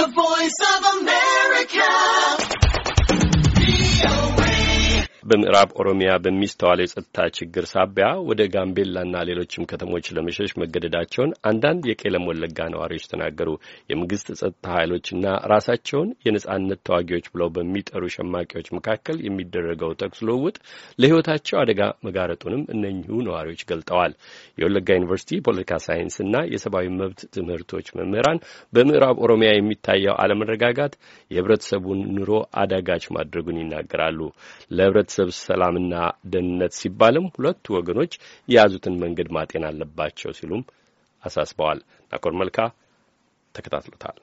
The Voice of a man. በምዕራብ ኦሮሚያ በሚስተዋል የጸጥታ ችግር ሳቢያ ወደ ጋምቤላና ሌሎችም ከተሞች ለመሸሽ መገደዳቸውን አንዳንድ የቄለም ወለጋ ነዋሪዎች ተናገሩ። የመንግስት ጸጥታ ኃይሎችና ራሳቸውን የነጻነት ተዋጊዎች ብለው በሚጠሩ ሸማቂዎች መካከል የሚደረገው ተኩስ ልውውጥ ለሕይወታቸው አደጋ መጋረጡንም እነኚሁ ነዋሪዎች ገልጠዋል። የወለጋ ዩኒቨርሲቲ ፖለቲካ ሳይንስና የሰብአዊ መብት ትምህርቶች መምህራን በምዕራብ ኦሮሚያ የሚታየው አለመረጋጋት የህብረተሰቡን ኑሮ አዳጋች ማድረጉን ይናገራሉ። ለህብረተሰ ለማህበረሰብ ሰላምና ደህንነት ሲባልም ሁለቱ ወገኖች የያዙትን መንገድ ማጤን አለባቸው ሲሉም አሳስበዋል። ናኮር መልካ ተከታትሎታል።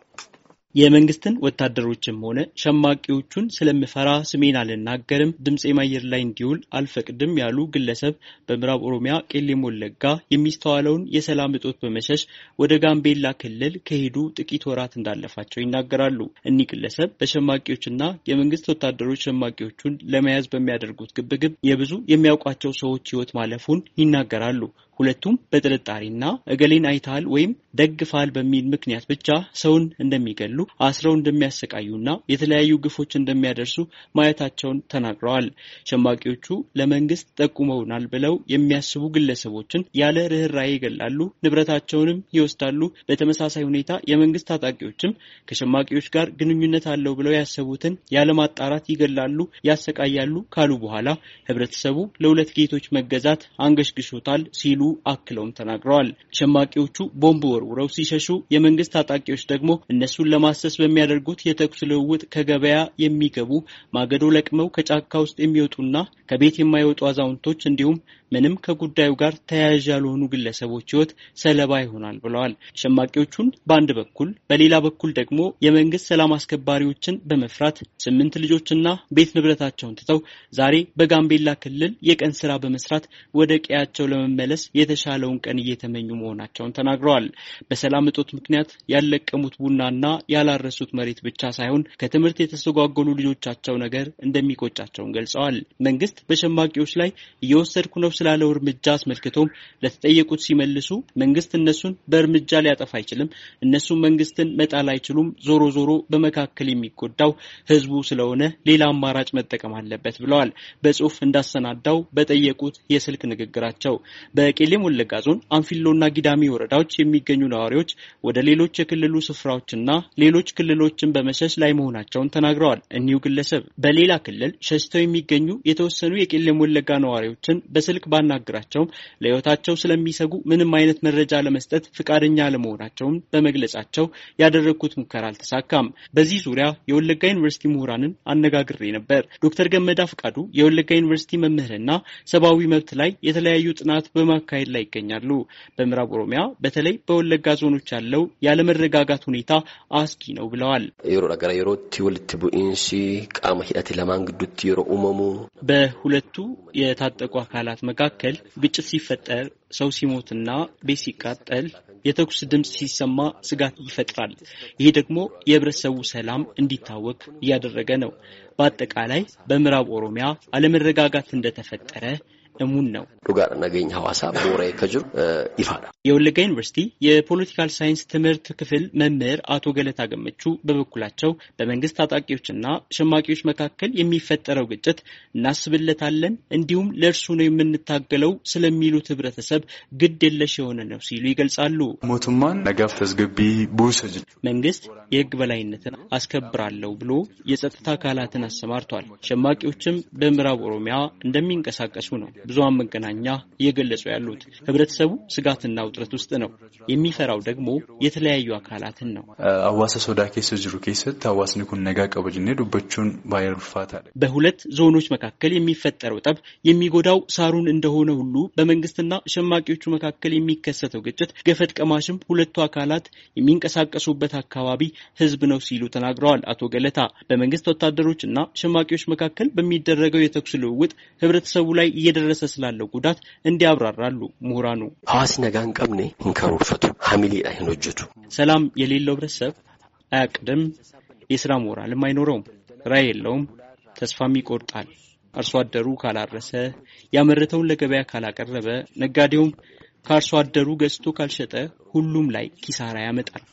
የመንግስትን ወታደሮችም ሆነ ሸማቂዎቹን ስለምፈራ ስሜን አልናገርም፣ ድምፄ አየር ላይ እንዲውል አልፈቅድም ያሉ ግለሰብ በምዕራብ ኦሮሚያ ቄሌም ወለጋ የሚስተዋለውን የሰላም እጦት በመሸሽ ወደ ጋምቤላ ክልል ከሄዱ ጥቂት ወራት እንዳለፋቸው ይናገራሉ። እኒህ ግለሰብ በሸማቂዎችና የመንግስት ወታደሮች ሸማቂዎቹን ለመያዝ በሚያደርጉት ግብግብ የብዙ የሚያውቋቸው ሰዎች ህይወት ማለፉን ይናገራሉ። ሁለቱም በጥርጣሬና እገሌን አይታል ወይም ደግፋል በሚል ምክንያት ብቻ ሰውን እንደሚገሉ አስረው እንደሚያሰቃዩና የተለያዩ ግፎች እንደሚያደርሱ ማየታቸውን ተናግረዋል። ሸማቂዎቹ ለመንግስት ጠቁመውናል ብለው የሚያስቡ ግለሰቦችን ያለ ርኅራኄ ይገላሉ፣ ንብረታቸውንም ይወስዳሉ። በተመሳሳይ ሁኔታ የመንግስት ታጣቂዎችም ከሸማቂዎች ጋር ግንኙነት አለው ብለው ያሰቡትን ያለማጣራት ይገላሉ፣ ያሰቃያሉ ካሉ በኋላ ህብረተሰቡ ለሁለት ጌቶች መገዛት አንገሽግሾታል ሲሉ አክለውም ተናግረዋል። ሸማቂዎቹ ቦምብ ወርውረው ሲሸሹ፣ የመንግስት ታጣቂዎች ደግሞ እነሱን ለማሰስ በሚያደርጉት የተኩስ ልውውጥ ከገበያ የሚገቡ ማገዶ ለቅመው ከጫካ ውስጥ የሚወጡና ከቤት የማይወጡ አዛውንቶች እንዲሁም ምንም ከጉዳዩ ጋር ተያያዥ ያልሆኑ ግለሰቦች ህይወት ሰለባ ይሆናል ብለዋል። ሸማቂዎቹን በአንድ በኩል በሌላ በኩል ደግሞ የመንግስት ሰላም አስከባሪዎችን በመፍራት ስምንት ልጆችና ቤት ንብረታቸውን ትተው ዛሬ በጋምቤላ ክልል የቀን ስራ በመስራት ወደ ቀያቸው ለመመለስ የተሻለውን ቀን እየተመኙ መሆናቸውን ተናግረዋል። በሰላም እጦት ምክንያት ያለቀሙት ቡናና ያላረሱት መሬት ብቻ ሳይሆን ከትምህርት የተስተጓጎሉ ልጆቻቸው ነገር እንደሚቆጫቸውን ገልጸዋል። መንግስት በሸማቂዎች ላይ እየወሰድኩ ነው ስላለው እርምጃ አስመልክቶም ለተጠየቁት ሲመልሱ መንግስት እነሱን በእርምጃ ሊያጠፋ አይችልም፣ እነሱም መንግስትን መጣል አይችሉም፣ ዞሮ ዞሮ በመካከል የሚጎዳው ህዝቡ ስለሆነ ሌላ አማራጭ መጠቀም አለበት ብለዋል። በጽሁፍ እንዳሰናዳው በጠየቁት የስልክ ንግግራቸው በቄሌም ወለጋ ዞን አንፊሎና ጊዳሚ ወረዳዎች የሚገኙ ነዋሪዎች ወደ ሌሎች የክልሉ ስፍራዎችና ሌሎች ክልሎችን በመሸሽ ላይ መሆናቸውን ተናግረዋል። እኒሁ ግለሰብ በሌላ ክልል ሸሽተው የሚገኙ የተወሰኑ የቄሌም ወለጋ ነዋሪዎችን በስልክ ባናግራቸውም ለሕይወታቸው ስለሚሰጉ ምንም አይነት መረጃ ለመስጠት ፍቃደኛ ለመሆናቸውም በመግለጻቸው ያደረግኩት ሙከራ አልተሳካም። በዚህ ዙሪያ የወለጋ ዩኒቨርሲቲ ምሁራንን አነጋግሬ ነበር። ዶክተር ገመዳ ፍቃዱ የወለጋ ዩኒቨርሲቲ መምህርና ሰብአዊ መብት ላይ የተለያዩ ጥናት በማካሄድ ላይ ይገኛሉ። በምዕራብ ኦሮሚያ በተለይ በወለጋ ዞኖች ያለው ያለመረጋጋት ሁኔታ አስጊ ነው ብለዋል። በሁለቱ የታጠቁ አካላት መካከል ግጭት ሲፈጠር ሰው ሲሞትና ቤት ሲቃጠል የተኩስ ድምፅ ሲሰማ ስጋት ይፈጥራል። ይሄ ደግሞ የህብረተሰቡ ሰላም እንዲታወክ እያደረገ ነው። በአጠቃላይ በምዕራብ ኦሮሚያ አለመረጋጋት እንደተፈጠረ እሙን ነው። ዱጋር ነገኝ ሐዋሳ ቦሬ ከጅር ይፋዳ የወለጋ ዩኒቨርሲቲ የፖለቲካል ሳይንስ ትምህርት ክፍል መምህር አቶ ገለታ ገመቹ በበኩላቸው በመንግስት ታጣቂዎችና ሸማቂዎች መካከል የሚፈጠረው ግጭት እናስብለታለን፣ እንዲሁም ለእርሱ ነው የምንታገለው ስለሚሉት ህብረተሰብ ግድ የለሽ የሆነ ነው ሲሉ ይገልጻሉ። ሞቱማን ነገፍ ተዝግቢ ቡሰጅ መንግስት የህግ በላይነትን አስከብራለሁ ብሎ የጸጥታ አካላትን አሰማርቷል። ሸማቂዎችም በምዕራብ ኦሮሚያ እንደሚንቀሳቀሱ ነው ብዙሃን መገናኛ እየገለጹ ያሉት። ህብረተሰቡ ስጋትና ውጥረት ውስጥ ነው። የሚፈራው ደግሞ የተለያዩ አካላትን ነው። አዋሰ ሶዳ ኬስ ጅሩ ኬሰት አዋስኒ ኩን ነጋ ቀበጅኔ ዱበቹን ባየር ፋታ በሁለት ዞኖች መካከል የሚፈጠረው ጠብ የሚጎዳው ሳሩን እንደሆነ ሁሉ በመንግስትና ሸማቂዎቹ መካከል የሚከሰተው ግጭት ገፈት ቀማሽም ሁለቱ አካላት የሚንቀሳቀሱበት አካባቢ ህዝብ ነው ሲሉ ተናግረዋል። አቶ ገለታ በመንግስት ወታደሮች እና ሸማቂዎች መካከል በሚደረገው የተኩስ ልውውጥ ህብረተሰቡ ላይ እየደረሰ እየደረሰ ስላለው ጉዳት እንዲያብራራሉ ምሁራኑ። ሐዋሲ ነጋን ቀብኔ እንከሩፈቱ ሀሚሌ ሄኖጀቱ ሰላም የሌለው ህብረተሰብ አያቅድም፣ የስራ ሞራልም አይኖረውም፣ ራይ የለውም፣ ተስፋም ይቆርጣል። አርሶ አደሩ ካላረሰ፣ ያመረተውን ለገበያ ካላቀረበ፣ ነጋዴውም ከአርሶ አደሩ ገዝቶ ካልሸጠ ሁሉም ላይ ኪሳራ ያመጣል።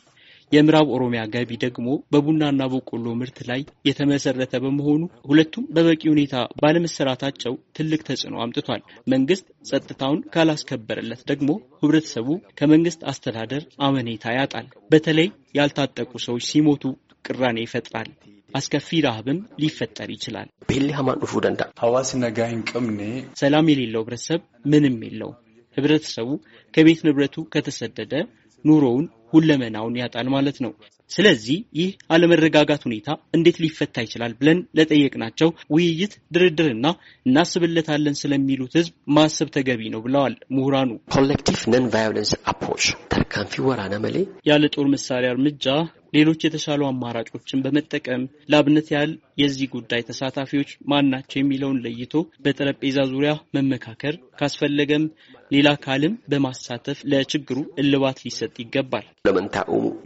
የምዕራብ ኦሮሚያ ገቢ ደግሞ በቡናና በቆሎ ምርት ላይ የተመሰረተ በመሆኑ ሁለቱም በበቂ ሁኔታ ባለመሰራታቸው ትልቅ ተጽዕኖ አምጥቷል። መንግስት ጸጥታውን ካላስከበረለት ደግሞ ህብረተሰቡ ከመንግስት አስተዳደር አመኔታ ያጣል። በተለይ ያልታጠቁ ሰዎች ሲሞቱ ቅራኔ ይፈጥራል። አስከፊ ረሃብም ሊፈጠር ይችላል። ቤሌ ዱፉ ደንዳ ሀዋሲ ነጋይን ቅምኔ ሰላም የሌለው ህብረተሰብ ምንም የለውም። ህብረተሰቡ ከቤት ንብረቱ ከተሰደደ ኑሮውን ሁለመናውን ያጣል ማለት ነው። ስለዚህ ይህ አለመረጋጋት ሁኔታ እንዴት ሊፈታ ይችላል ብለን ለጠየቅናቸው ውይይት፣ ድርድርና እናስብለታለን ስለሚሉት ህዝብ ማሰብ ተገቢ ነው ብለዋል ምሁራኑ። ኮሌክቲቭ ነን ቫዮለንስ አፕሮች ተርካንፊ ወራነ መሌ ያለ ጦር መሳሪያ እርምጃ ሌሎች የተሻሉ አማራጮችን በመጠቀም ለአብነት ያህል የዚህ ጉዳይ ተሳታፊዎች ማን ናቸው የሚለውን ለይቶ በጠረጴዛ ዙሪያ መመካከር ካስፈለገም ሌላ አካልም በማሳተፍ ለችግሩ እልባት ሊሰጥ ይገባል።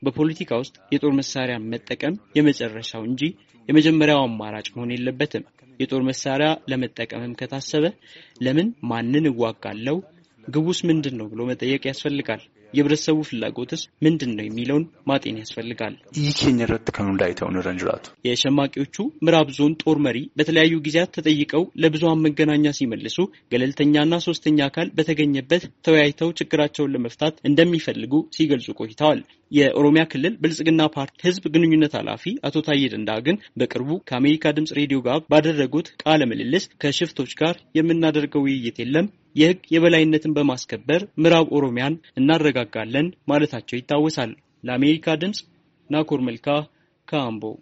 በፖለቲካ ውስጥ የጦር መሳሪያ መጠቀም የመጨረሻው እንጂ የመጀመሪያው አማራጭ መሆን የለበትም። የጦር መሳሪያ ለመጠቀምም ከታሰበ ለምን፣ ማንን እዋጋለው፣ ግቡስ ምንድን ነው ብሎ መጠየቅ ያስፈልጋል። የህብረተሰቡ ፍላጎትስ ምንድን ነው የሚለውን ማጤን ያስፈልጋል። የሸማቂዎቹ ምዕራብ ዞን ጦር መሪ በተለያዩ ጊዜያት ተጠይቀው ለብዙሃን መገናኛ ሲመልሱ ገለልተኛና ሶስተኛ አካል በተገኘበት ተወያይተው ችግራቸውን ለመፍታት እንደሚፈልጉ ሲገልጹ ቆይተዋል። የኦሮሚያ ክልል ብልጽግና ፓርቲ ህዝብ ግንኙነት ኃላፊ አቶ ታዬ ደንዳ ግን በቅርቡ ከአሜሪካ ድምፅ ሬዲዮ ጋር ባደረጉት ቃለ ምልልስ ከሽፍቶች ጋር የምናደርገው ውይይት የለም የህግ የበላይነትን በማስከበር ምዕራብ ኦሮሚያን እናረጋጋለን ማለታቸው ይታወሳል። ለአሜሪካ ድምፅ ናኮር መልካ ከአምቦ